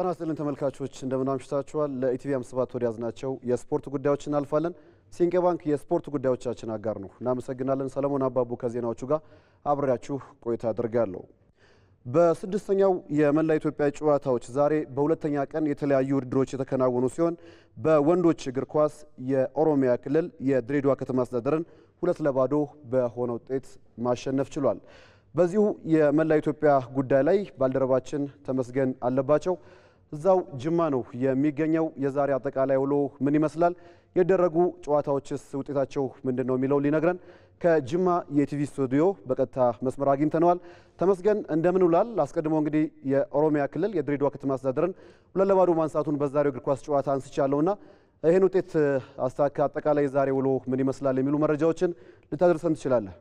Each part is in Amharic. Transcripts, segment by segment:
ጤና ይስጥልን ተመልካቾች እንደምን አምሽታችኋል። ለኢቲቪ 57 ወደ ያዝናቸው የስፖርት ጉዳዮች እናልፋለን። ሲንቄ ባንክ የስፖርት ጉዳዮቻችን አጋር ነው። እናመሰግናለን። ሰለሞን አባቡ ከዜናዎቹ ጋር አብሬያችሁ ቆይታ አድርጋለሁ። በስድስተኛው የመላ ኢትዮጵያ ጨዋታዎች ዛሬ በሁለተኛ ቀን የተለያዩ ውድድሮች የተከናወኑ ሲሆን በወንዶች እግር ኳስ የኦሮሚያ ክልል የድሬዳዋ ከተማ አስተዳደርን ሁለት ለባዶ በሆነ ውጤት ማሸነፍ ችሏል። በዚሁ የመላ ኢትዮጵያ ጉዳይ ላይ ባልደረባችን ተመስገን አለባቸው እዛው ጅማ ነው የሚገኘው። የዛሬ አጠቃላይ ውሎ ምን ይመስላል? የደረጉ ጨዋታዎችስ ውጤታቸው ምንድን ነው የሚለው ሊነግረን ከጅማ የቲቪ ስቱዲዮ በቀጥታ መስመር አግኝተነዋል። ተመስገን እንደምን ውላል? አስቀድሞ እንግዲህ የኦሮሚያ ክልል የድሬዳዋ ከተማ አስተዳደርን ሁለት ለባዶ ማንሳቱን በዛሬው እግር ኳስ ጨዋታ አንስቻለሁና ይህን ውጤት አስተካከል አጠቃላይ የዛሬ ውሎ ምን ይመስላል የሚሉ መረጃዎችን ልታደርሰን ትችላለህ?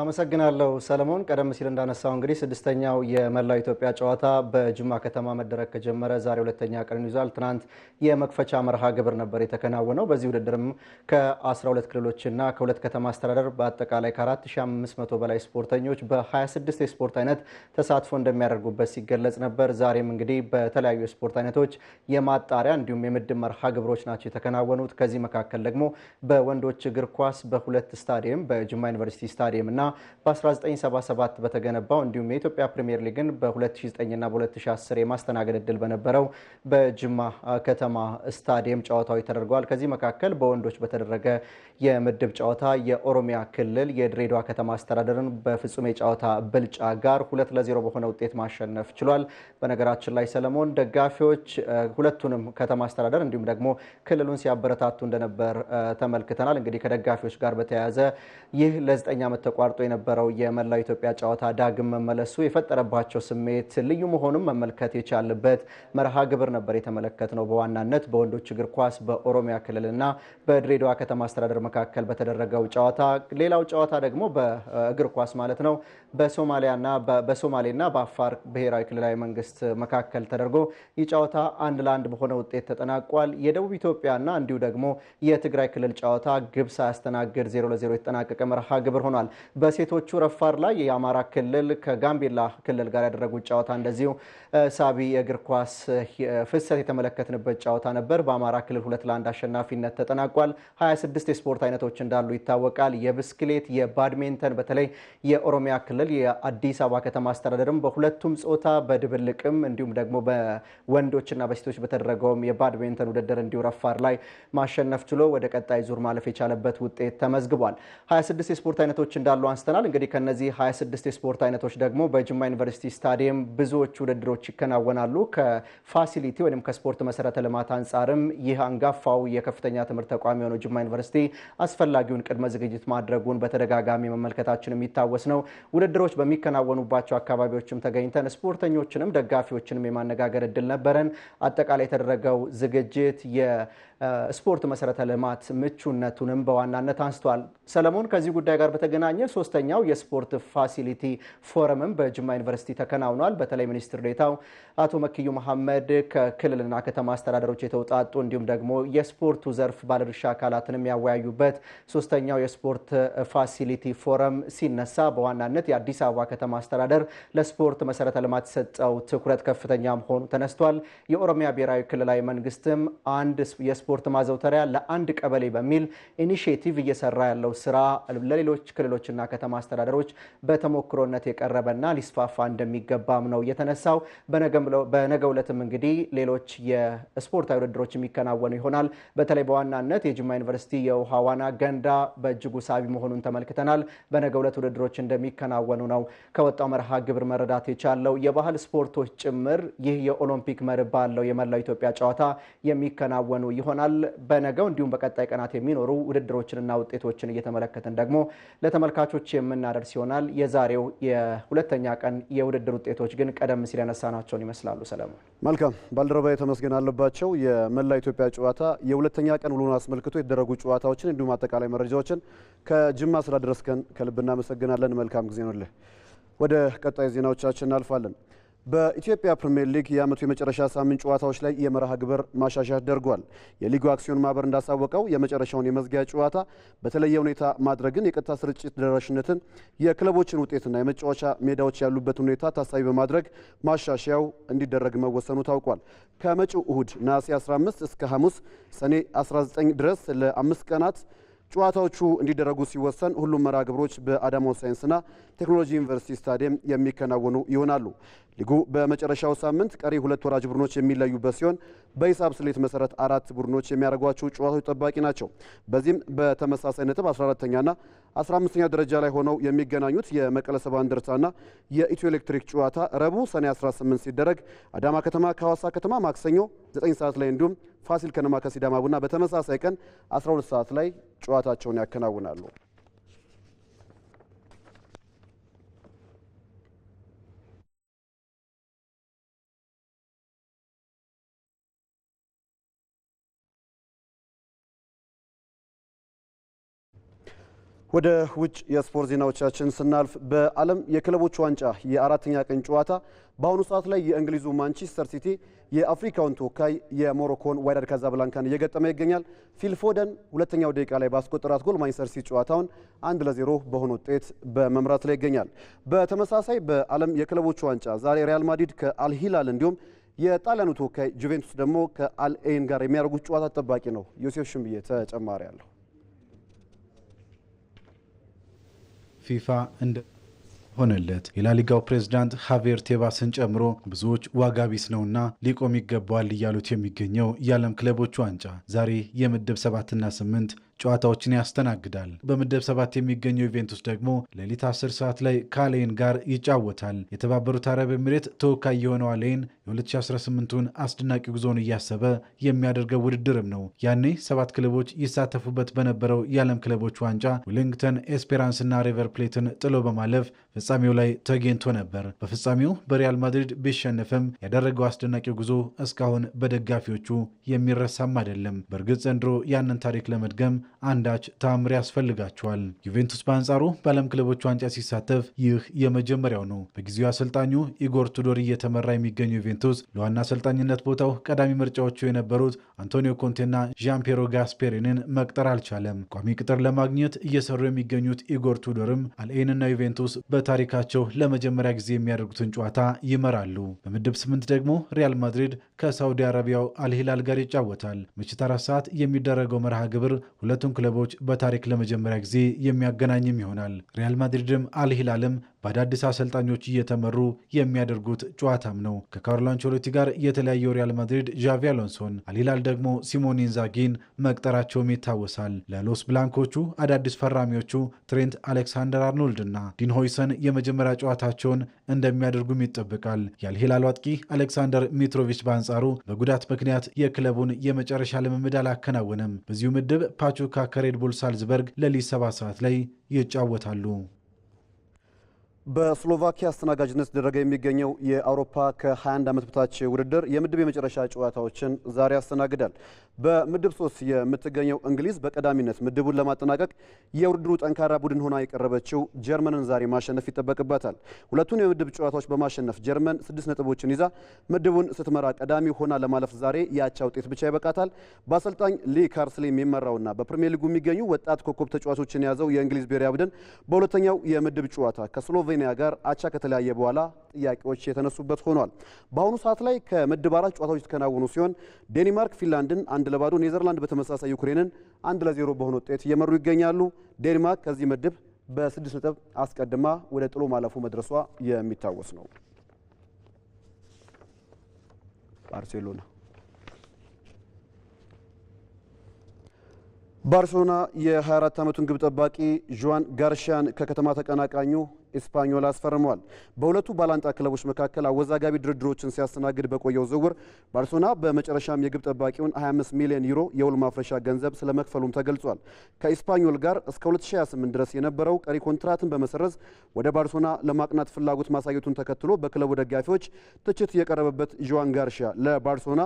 አመሰግናለሁ ሰለሞን። ቀደም ሲል እንዳነሳው እንግዲህ ስድስተኛው የመላው ኢትዮጵያ ጨዋታ በጅማ ከተማ መደረግ ከጀመረ ዛሬ ሁለተኛ ቀን ይዟል። ትናንት የመክፈቻ መርሃ ግብር ነበር የተከናወነው። በዚህ ውድድርም ከ12 ክልሎችና ከሁለት ከተማ አስተዳደር በአጠቃላይ ከ4500 በላይ ስፖርተኞች በ26 የስፖርት አይነት ተሳትፎ እንደሚያደርጉበት ሲገለጽ ነበር። ዛሬም እንግዲህ በተለያዩ የስፖርት አይነቶች የማጣሪያ እንዲሁም የምድብ መርሃ ግብሮች ናቸው የተከናወኑት። ከዚህ መካከል ደግሞ በወንዶች እግር ኳስ በሁለት ስታዲየም በጅማ ዩኒቨርሲቲ ስታዲየም እና በ1977 በተገነባው እንዲሁም የኢትዮጵያ ፕሪምየር ሊግን በ2009ና በ2010 የማስተናገድ እድል በነበረው በጅማ ከተማ ስታዲየም ጨዋታዎች ተደርገዋል። ከዚህ መካከል በወንዶች በተደረገ የምድብ ጨዋታ የኦሮሚያ ክልል የድሬዳዋ ከተማ አስተዳደርን በፍጹም የጨዋታ ብልጫ ጋር ሁለት ለዜሮ በሆነ ውጤት ማሸነፍ ችሏል። በነገራችን ላይ ሰለሞን ደጋፊዎች ሁለቱንም ከተማ አስተዳደር እንዲሁም ደግሞ ክልሉን ሲያበረታቱ እንደነበር ተመልክተናል። እንግዲህ ከደጋፊዎች ጋር በተያያዘ ይህ ለዘጠኝ ዓመት ተቋርጦ የነበረው የመላው ኢትዮጵያ ጨዋታ ዳግም መመለሱ የፈጠረባቸው ስሜት ልዩ መሆኑን መመልከት የቻልበት መርሃ ግብር ነበር የተመለከትነው። በዋናነት በወንዶች እግር ኳስ በኦሮሚያ ክልልና በድሬዳዋ ከተማ አስተዳደር መካከል በተደረገው ጨዋታ፣ ሌላው ጨዋታ ደግሞ በእግር ኳስ ማለት ነው በሶማሊያና በሶማሌና በአፋር ብሔራዊ ክልላዊ መንግስት መካከል ተደርጎ ይህ ጨዋታ አንድ ለአንድ በሆነ ውጤት ተጠናቋል። የደቡብ ኢትዮጵያና እንዲሁ ደግሞ የትግራይ ክልል ጨዋታ ግብ ሳያስተናግድ ዜሮ ለዜሮ የተጠናቀቀ መርሃ ግብር ሆኗል። በሴቶቹ ረፋር ላይ የአማራ ክልል ከጋምቤላ ክልል ጋር ያደረጉት ጨዋታ እንደዚሁ ሳቢ የእግር ኳስ ፍሰት የተመለከትንበት ጨዋታ ነበር። በአማራ ክልል ሁለት ለአንድ አሸናፊነት ተጠናቋል። 26 የስፖርት አይነቶች እንዳሉ ይታወቃል። የብስክሌት፣ የባድሜንተን በተለይ የኦሮሚያ ክልል የአዲስ አበባ ከተማ አስተዳደርም በሁለቱም ጾታ በድብልቅም እንዲሁም ደግሞ በወንዶችና በሴቶች በተደረገውም የባድሚንተን ውድድር እንዲሁ ላይ ማሸነፍ ችሎ ወደ ቀጣይ ዙር ማለፍ የቻለበት ውጤት ተመዝግቧል። 26 የስፖርት አይነቶች እንዳሉ አንስተናል። እንግዲህ ከነዚህ 26 የስፖርት አይነቶች ደግሞ በጅማ ዩኒቨርሲቲ ስታዲየም ብዙዎቹ ውድድሮች ይከናወናሉ። ከፋሲሊቲ ወይም ከስፖርት መሰረተ ልማት አንጻርም ይህ አንጋፋው የከፍተኛ ትምህርት ተቋም የሆነው ጅማ ዩኒቨርሲቲ አስፈላጊውን ቅድመ ዝግጅት ማድረጉን በተደጋጋሚ መመልከታችን የሚታወስ ነው። ውድድሮች በሚከናወኑባቸው አካባቢዎችም ተገኝተን ስፖርተኞችንም ደጋፊዎችንም የማነጋገር እድል ነበረን። አጠቃላይ የተደረገው ዝግጅት ስፖርት መሰረተ ልማት ምቹነቱንም በዋናነት አንስቷል። ሰለሞን ከዚህ ጉዳይ ጋር በተገናኘ ሶስተኛው የስፖርት ፋሲሊቲ ፎረምም በጅማ ዩኒቨርሲቲ ተከናውኗል። በተለይ ሚኒስትር ዴኤታው አቶ መክዩ መሐመድ ከክልልና ከተማ አስተዳደሮች የተውጣጡ እንዲሁም ደግሞ የስፖርቱ ዘርፍ ባለድርሻ አካላትንም ያወያዩበት ሶስተኛው የስፖርት ፋሲሊቲ ፎረም ሲነሳ በዋናነት የአዲስ አበባ ከተማ አስተዳደር ለስፖርት መሰረተ ልማት የሰጠው ትኩረት ከፍተኛ መሆኑ ተነስቷል። የኦሮሚያ ብሔራዊ ክልላዊ መንግስትም አንድ የስፖርት ማዘውተሪያ ለአንድ ቀበሌ በሚል ኢኒሽቲቭ እየሰራ ያለው ስራ ለሌሎች ክልሎችና ከተማ አስተዳደሮች በተሞክሮነት የቀረበና ሊስፋፋ እንደሚገባም ነው የተነሳው። በነገ ዕለትም እንግዲህ ሌሎች የስፖርታዊ ውድድሮች የሚከናወኑ ይሆናል። በተለይ በዋናነት የጅማ ዩኒቨርሲቲ የውሃ ዋና ገንዳ በእጅጉ ሳቢ መሆኑን ተመልክተናል። በነገ ዕለት ውድድሮች እንደሚከናወኑ ነው ከወጣው መርሃ ግብር መረዳት የቻለው። የባህል ስፖርቶች ጭምር ይህ የኦሎምፒክ መርህ ባለው የመላው ኢትዮጵያ ጨዋታ የሚከናወኑ ይሆናል። ይሆናል። በነገው እንዲሁም በቀጣይ ቀናት የሚኖሩ ውድድሮችንና ውጤቶችን እየተመለከትን ደግሞ ለተመልካቾች የምናደርስ ይሆናል። የዛሬው የሁለተኛ ቀን የውድድር ውጤቶች ግን ቀደም ሲል ያነሳናቸውን ይመስላሉ። ሰለሞን መልካም። ባልደረባ የተመስገን አለባቸው የመላ ኢትዮጵያ ጨዋታ የሁለተኛ ቀን ውሎን አስመልክቶ የተደረጉ ጨዋታዎችን እንዲሁም አጠቃላይ መረጃዎችን ከጅማ ስላደረስከን ከልብ እናመሰግናለን። መልካም ጊዜ ነው። ወደ ቀጣይ ዜናዎቻችን እናልፋለን። በኢትዮጵያ ፕሪምየር ሊግ የዓመቱ የመጨረሻ ሳምንት ጨዋታዎች ላይ የመርሃ ግብር ማሻሻያ ተደርጓል። የሊጉ አክሲዮን ማህበር እንዳሳወቀው የመጨረሻውን የመዝጊያ ጨዋታ በተለየ ሁኔታ ማድረግን፣ የቀጥታ ስርጭት ደራሽነትን፣ የክለቦችን ውጤትና የመጫወቻ ሜዳዎች ያሉበት ሁኔታ ታሳቢ በማድረግ ማሻሻያው እንዲደረግ መወሰኑ ታውቋል። ከመጪው እሁድ ነሐሴ 15 እስከ ሐሙስ ሰኔ 19 ድረስ ለአምስት ቀናት ጨዋታዎቹ እንዲደረጉ ሲወሰን ሁሉም መርሃ ግብሮች በአዳማ ሳይንስና ቴክኖሎጂ ዩኒቨርሲቲ ስታዲየም የሚከናወኑ ይሆናሉ። ሊጉ በመጨረሻው ሳምንት ቀሪ ሁለት ወራጅ ቡድኖች የሚለዩበት ሲሆን በሂሳብ ስሌት መሰረት አራት ቡድኖች የሚያደርጓቸው ጨዋታዎች ጠባቂ ናቸው። በዚህም በተመሳሳይ ነጥብ 14ተኛና 15ኛ ደረጃ ላይ ሆነው የሚገናኙት የመቀለ ሰባ እንደርታና የኢትዮ ኤሌክትሪክ ጨዋታ ረቡዕ ሰኔ 18 ሲደረግ አዳማ ከተማ ከሐዋሳ ከተማ ማክሰኞ 9 ሰዓት ላይ እንዲሁም ፋሲል ከነማ ከሲዳማ ቡና በተመሳሳይ ቀን 12 ሰዓት ላይ ጨዋታቸውን ያከናውናሉ። ወደ ውጭ የስፖርት ዜናዎቻችን ስናልፍ በዓለም የክለቦች ዋንጫ የአራተኛ ቀን ጨዋታ በአሁኑ ሰዓት ላይ የእንግሊዙ ማንቸስተር ሲቲ የአፍሪካውን ተወካይ የሞሮኮን ዋይዳድ ካዛብላንካን እየገጠመ ይገኛል። ፊልፎደን ሁለተኛው ደቂቃ ላይ ባስቆጠራት ጎል ማንቸስተር ሲቲ ጨዋታውን አንድ ለዜሮ በሆነ ውጤት በመምራት ላይ ይገኛል። በተመሳሳይ በዓለም የክለቦች ዋንጫ ዛሬ ሪያል ማድሪድ ከአልሂላል እንዲሁም የጣሊያኑ ተወካይ ጁቬንቱስ ደግሞ ከአልኤን ጋር የሚያደርጉት ጨዋታ ጠባቂ ነው። ዮሴፍ ሽምብዬ ተጨማሪ አለሁ ፊፋ እንደ ሆነለት የላሊጋው ፕሬዝዳንት ሃቬር ቴባስን ጨምሮ ብዙዎች ዋጋ ቢስ ነውና ሊቆም ይገባዋል እያሉት የሚገኘው የዓለም ክለቦች ዋንጫ ዛሬ የምድብ ሰባትና ስምንት ጨዋታዎችን ያስተናግዳል። በምድብ ሰባት የሚገኘው ዩቬንቱስ ደግሞ ሌሊት 10 ሰዓት ላይ ካሌን ጋር ይጫወታል። የተባበሩት አረብ ኤምሬት ተወካይ የሆነው አሌን የ2018ቱን አስደናቂ ጉዞውን እያሰበ የሚያደርገው ውድድርም ነው። ያኔ ሰባት ክለቦች ይሳተፉበት በነበረው የዓለም ክለቦች ዋንጫ ዌሊንግተን ኤስፔራንስና ሪቨር ፕሌትን ጥሎ በማለፍ ፍጻሜው ላይ ተገኝቶ ነበር። በፍጻሜው በሪያል ማድሪድ ቢሸነፍም ያደረገው አስደናቂ ጉዞ እስካሁን በደጋፊዎቹ የሚረሳም አይደለም። በእርግጥ ዘንድሮ ያንን ታሪክ ለመድገም አንዳች ተአምር ያስፈልጋቸዋል። ዩቬንቱስ በአንጻሩ በዓለም ክለቦች ዋንጫ ሲሳተፍ ይህ የመጀመሪያው ነው። በጊዜው አሰልጣኙ ኢጎር ቱዶር እየተመራ የሚገኘው ዩቬንቱስ ለዋና አሰልጣኝነት ቦታው ቀዳሚ ምርጫዎቹ የነበሩት አንቶኒዮ ኮንቴና ዣን ጋስፔሪንን መቅጠር አልቻለም። ቋሚ ቅጥር ለማግኘት እየሰሩ የሚገኙት ኢጎር ቱዶርም አልኤንና ዩቬንቱስ በታሪካቸው ለመጀመሪያ ጊዜ የሚያደርጉትን ጨዋታ ይመራሉ። በምድብ ስምንት ደግሞ ሪያል ማድሪድ ከሳውዲ አረቢያው አልሂላል ጋር ይጫወታል። ምሽት አራት ሰዓት የሚደረገው መርሃ ግብር ሁለቱን ክለቦች በታሪክ ለመጀመሪያ ጊዜ የሚያገናኝም ይሆናል። ሪያል ማድሪድም አልሂላልም በአዳዲስ አሰልጣኞች እየተመሩ የሚያደርጉት ጨዋታም ነው። ከካርሎ አንቸሎቲ ጋር የተለያየው ሪያል ማድሪድ ዣቪ አሎንሶን፣ አልሂላል ደግሞ ሲሞን ኢንዛጊን መቅጠራቸውም ይታወሳል። ለሎስ ብላንኮቹ አዳዲስ ፈራሚዎቹ ትሬንት አሌክሳንደር አርኖልድ እና ዲን ሆይሰን የመጀመሪያ ጨዋታቸውን እንደሚያደርጉም ይጠበቃል። የአልሂላሉ አጥቂ አሌክሳንደር ሚትሮቪች በአንጻሩ በጉዳት ምክንያት የክለቡን የመጨረሻ ልምምድ አላከናወነም። በዚሁ ምድብ ፓቹካ ከሬድቡል ሳልዝበርግ ለሊት ሰባት ሰዓት ላይ ይጫወታሉ። በስሎቫኪያ አስተናጋጅነት ደረገ የሚገኘው የአውሮፓ ከ21 ዓመት በታች ውድድር የምድብ የመጨረሻ ጨዋታዎችን ዛሬ ያስተናግዳል። በምድብ ሶስት የምትገኘው እንግሊዝ በቀዳሚነት ምድቡን ለማጠናቀቅ የውድድሩ ጠንካራ ቡድን ሆና የቀረበችው ጀርመንን ዛሬ ማሸነፍ ይጠበቅባታል። ሁለቱን የምድብ ጨዋታዎች በማሸነፍ ጀርመን ስድስት ነጥቦችን ይዛ ምድቡን ስትመራ ቀዳሚ ሆና ለማለፍ ዛሬ የአቻ ውጤት ብቻ ይበቃታል። በአሰልጣኝ ሊ ካርስሌ የሚመራውና በፕሪሚየር ሊጉ የሚገኙ ወጣት ኮከብ ተጫዋቾችን የያዘው የእንግሊዝ ብሔራዊ ቡድን በሁለተኛው የምድብ ጨዋታ ከስሎቬ ከአርሜኒያ ጋር አቻ ከተለያየ በኋላ ጥያቄዎች የተነሱበት ሆኗል። በአሁኑ ሰዓት ላይ ከምድብ አራት ጨዋታዎች የተከናወኑ ሲሆን ዴንማርክ ፊንላንድን አንድ ለባዶ፣ ኔዘርላንድ በተመሳሳይ ዩክሬንን አንድ ለዜሮ በሆነ ውጤት እየመሩ ይገኛሉ። ዴንማርክ ከዚህ ምድብ በስድስት ነጥብ አስቀድማ ወደ ጥሎ ማለፉ መድረሷ የሚታወስ ነው። ባርሴሎና ባርሴሎና የ24 ዓመቱን ግብ ጠባቂ ዡዋን ጋርሻን ከከተማ ተቀናቃኙ ኤስፓኞል አስፈርመዋል። በሁለቱ ባላንጣ ክለቦች መካከል አወዛጋቢ ድርድሮችን ሲያስተናግድ በቆየው ዝውውር ባርሴሎና በመጨረሻም የግብ ጠባቂውን 25 ሚሊዮን ዩሮ የውል ማፍረሻ ገንዘብ ስለመክፈሉም ተገልጿል። ከኤስፓኞል ጋር እስከ 2028 ድረስ የነበረው ቀሪ ኮንትራትን በመሰረዝ ወደ ባርሴሎና ለማቅናት ፍላጎት ማሳየቱን ተከትሎ በክለቡ ደጋፊዎች ትችት የቀረበበት ጆዋን ጋርሺያ ለባርሴሎና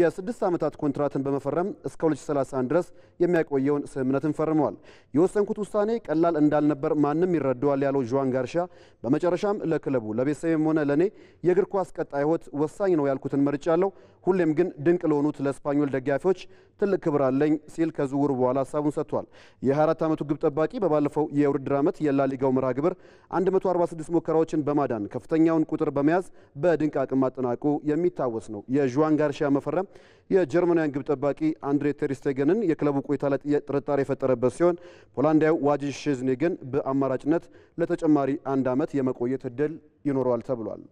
የስድስት ዓመታት ኮንትራትን በመፈረም እስከ 2031 ድረስ የሚያቆየውን ስምምነትን ፈርመዋል። የወሰንኩት ውሳኔ ቀላል እንዳልነበር ማንም ይረዳዋል ያለው ጆዋን ጋርሺያ ማሻሻያ በመጨረሻም ለክለቡ ለቤተሰብም ሆነ ለእኔ የእግር ኳስ ቀጣይ ህይወት ወሳኝ ነው ያልኩትን መርጫ አለው። ሁሌም ግን ድንቅ ለሆኑት ለስፓኞል ደጋፊዎች ትልቅ ክብር አለኝ ሲል ከዝውውር በኋላ ሀሳቡን ሰጥቷል። የ24 ዓመቱ ግብ ጠባቂ በባለፈው የውድድር ዓመት የላሊጋው መርሃ ግብር 146 ሙከራዎችን በማዳን ከፍተኛውን ቁጥር በመያዝ በድንቅ አቅም ማጠናቁ የሚታወስ ነው። የዥዋን ጋርሺያ መፈረም የጀርመናውያን ግብ ጠባቂ አንድሬ ቴሪስቴገንን የክለቡ ቆይታ ላይ ጥርጣሬ የፈጠረበት ሲሆን ፖላንዳዊ ዋጅ ሽዝኔ ግን በአማራጭነት ለተጨማሪ አንድ ዓመት የመቆየት እድል ይኖረዋል ተብሏል።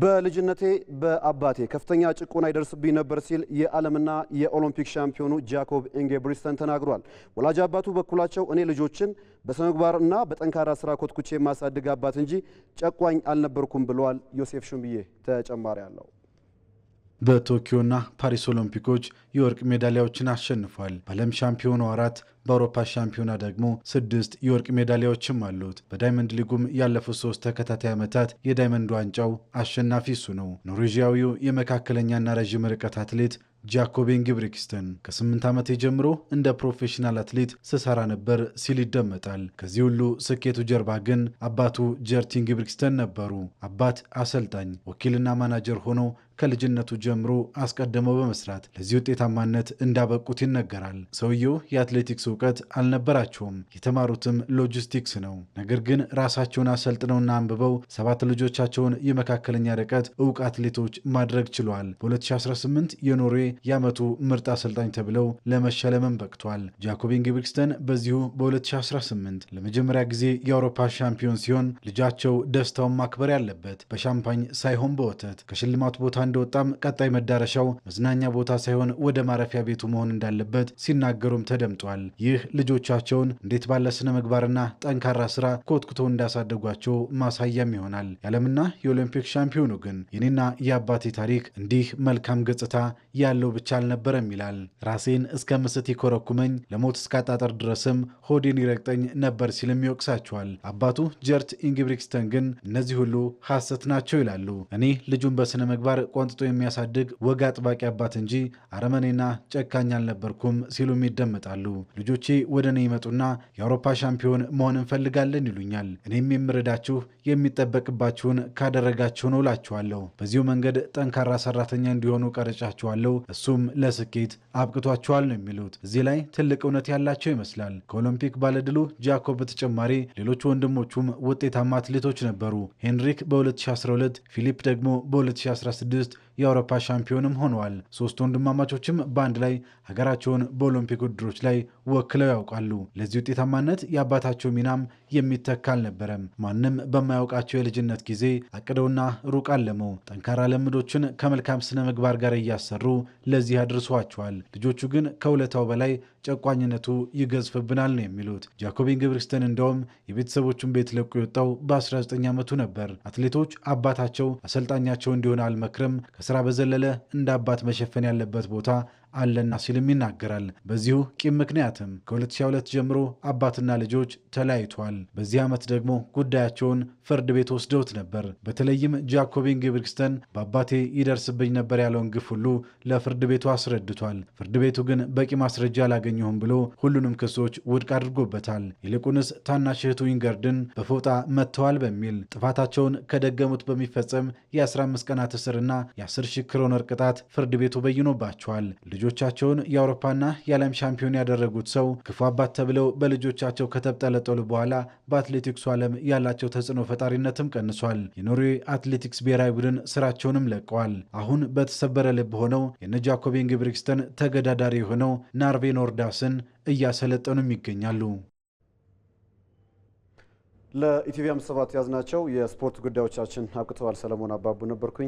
በልጅነቴ በአባቴ ከፍተኛ ጭቆና ይደርስብኝ ነበር ሲል የዓለምና የኦሎምፒክ ሻምፒዮኑ ጃኮብ ኢንጌብሪስተን ተናግሯል። ወላጅ አባቱ በኩላቸው እኔ ልጆችን በስነ ምግባርና በጠንካራ ስራ ኮትኩቼ የማሳድግ አባት እንጂ ጨቋኝ አልነበርኩም ብለዋል። ዮሴፍ ሹምብዬ ተጨማሪ አለው። በቶኪዮና ፓሪስ ኦሎምፒኮች የወርቅ ሜዳሊያዎችን አሸንፏል። በዓለም ሻምፒዮኑ አራት፣ በአውሮፓ ሻምፒዮና ደግሞ ስድስት የወርቅ ሜዳሊያዎችም አሉት። በዳይመንድ ሊጉም ያለፉት ሶስት ተከታታይ ዓመታት የዳይመንድ ዋንጫው አሸናፊ እሱ ነው። ኖርዌዥያዊው የመካከለኛና ረዥም ርቀት አትሌት ጃኮቤን ግብሪክስተን ከስምንት ዓመት ጀምሮ እንደ ፕሮፌሽናል አትሌት ስሰራ ነበር ሲል ይደመጣል። ከዚህ ሁሉ ስኬቱ ጀርባ ግን አባቱ ጀርቲን ግብሪክስተን ነበሩ። አባት አሰልጣኝ፣ ወኪልና ማናጀር ሆነው ከልጅነቱ ጀምሮ አስቀድመው በመስራት ለዚህ ውጤታማነት እንዳበቁት ይነገራል። ሰውየው የአትሌቲክስ እውቀት አልነበራቸውም። የተማሩትም ሎጂስቲክስ ነው። ነገር ግን ራሳቸውን አሰልጥነውና አንብበው ሰባት ልጆቻቸውን የመካከለኛ ርቀት እውቅ አትሌቶች ማድረግ ችሏል። በ2018 የኖርዌ የዓመቱ ምርጥ አሰልጣኝ ተብለው ለመሸለምም በቅቷል። ጃኮብ ኢንግብሪክስተን በዚሁ በ2018 ለመጀመሪያ ጊዜ የአውሮፓ ሻምፒዮን ሲሆን ልጃቸው ደስታውን ማክበር ያለበት በሻምፓኝ ሳይሆን በወተት ከሽልማቱ ቦታ እንደወጣም ቀጣይ መዳረሻው መዝናኛ ቦታ ሳይሆን ወደ ማረፊያ ቤቱ መሆን እንዳለበት ሲናገሩም ተደምጧል። ይህ ልጆቻቸውን እንዴት ባለ ስነ ምግባርና ጠንካራ ስራ ኮትኩተው እንዳሳደጓቸው ማሳያም ይሆናል። የዓለምና የኦሎምፒክ ሻምፒዮኑ ግን የኔና የአባቴ ታሪክ እንዲህ መልካም ገጽታ ያለው ብቻ አልነበረም ይላል። ራሴን እስከ ምስት ይኮረኩመኝ፣ ለሞት እስካጣጠር ድረስም ሆዴን ይረግጠኝ ነበር ሲልም ይወቅሳቸዋል። አባቱ ጀርት ኢንግብሪክስተን ግን እነዚህ ሁሉ ሐሰት ናቸው ይላሉ። እኔ ልጁን በስነ ምግባር ቋንጥጦ የሚያሳድግ ወግ አጥባቂ አባት እንጂ አረመኔና ጨካኝ አልነበርኩም ሲሉም ይደመጣሉ። ልጆቼ ወደ እኔ ይመጡና የአውሮፓ ሻምፒዮን መሆን እንፈልጋለን ይሉኛል። እኔም የምረዳችሁ የሚጠበቅባችሁን ካደረጋችሁ ነው እላችኋለሁ። በዚሁ መንገድ ጠንካራ ሰራተኛ እንዲሆኑ ቀርጫችኋለሁ። እሱም ለስኬት አብቅቷችኋል ነው የሚሉት። እዚህ ላይ ትልቅ እውነት ያላቸው ይመስላል። ከኦሎምፒክ ባለድሉ ጃኮብ በተጨማሪ ሌሎች ወንድሞቹም ውጤታማ አትሌቶች ነበሩ። ሄንሪክ በ2012 ፊሊፕ ደግሞ በ2016 just የአውሮፓ ሻምፒዮንም ሆነዋል። ሶስት ወንድማማቾችም በአንድ ላይ ሀገራቸውን በኦሎምፒክ ውድድሮች ላይ ወክለው ያውቃሉ። ለዚህ ውጤታማነት የአባታቸው ሚናም የሚተካ አልነበረም። ማንም በማያውቃቸው የልጅነት ጊዜ አቅደውና ሩቅ አለመው ጠንካራ ልምዶችን ከመልካም ስነ ምግባር ጋር እያሰሩ ለዚህ አድርሷቸዋል። ልጆቹ ግን ከውለታው በላይ ጨቋኝነቱ ይገዝፍብናል ነው የሚሉት። ጃኮቢን ግብሪክስተን እንደውም የቤተሰቦቹን ቤት ለቁ የወጣው በ19 ዓመቱ ነበር። አትሌቶች አባታቸው አሰልጣኛቸው እንዲሆን አልመክርም ከስራ በዘለለ እንደ አባት መሸፈን ያለበት ቦታ አለና ሲልም ይናገራል። በዚሁ ቂም ምክንያትም ከ2002 ጀምሮ አባትና ልጆች ተለያይቷል። በዚህ ዓመት ደግሞ ጉዳያቸውን ፍርድ ቤት ወስደውት ነበር። በተለይም ጃኮቢን ጊብርክስተን በአባቴ ይደርስብኝ ነበር ያለውን ግፍ ሁሉ ለፍርድ ቤቱ አስረድቷል። ፍርድ ቤቱ ግን በቂ ማስረጃ አላገኘሁም ብሎ ሁሉንም ክሶች ውድቅ አድርጎበታል። ይልቁንስ ታናሽ እህቱ ዊንገርድን በፎጣ መጥተዋል በሚል ጥፋታቸውን ከደገሙት በሚፈጸም የ15 ቀናት እስርና የ10 ሺህ ክሮነር ቅጣት ፍርድ ቤቱ በይኖባቸዋል። ልጆቻቸውን የአውሮፓና የዓለም ሻምፒዮን ያደረጉት ሰው ክፉ አባት ተብለው በልጆቻቸው ከተብጠለጠሉ በኋላ በአትሌቲክሱ ዓለም ያላቸው ተጽዕኖ ፈጣሪነትም ቀንሷል። የኖርዌይ አትሌቲክስ ብሔራዊ ቡድን ስራቸውንም ለቀዋል። አሁን በተሰበረ ልብ ሆነው የነ ጃኮብ ተገዳዳሪ የሆነው ናርቬ ኖርዳስን እያሰለጠኑም ይገኛሉ። ለኢቲቪ አምስት ሰባት ያዝናቸው የስፖርት ጉዳዮቻችን አብቅተዋል። ሰለሞን አባቡ ነበርኩኝ።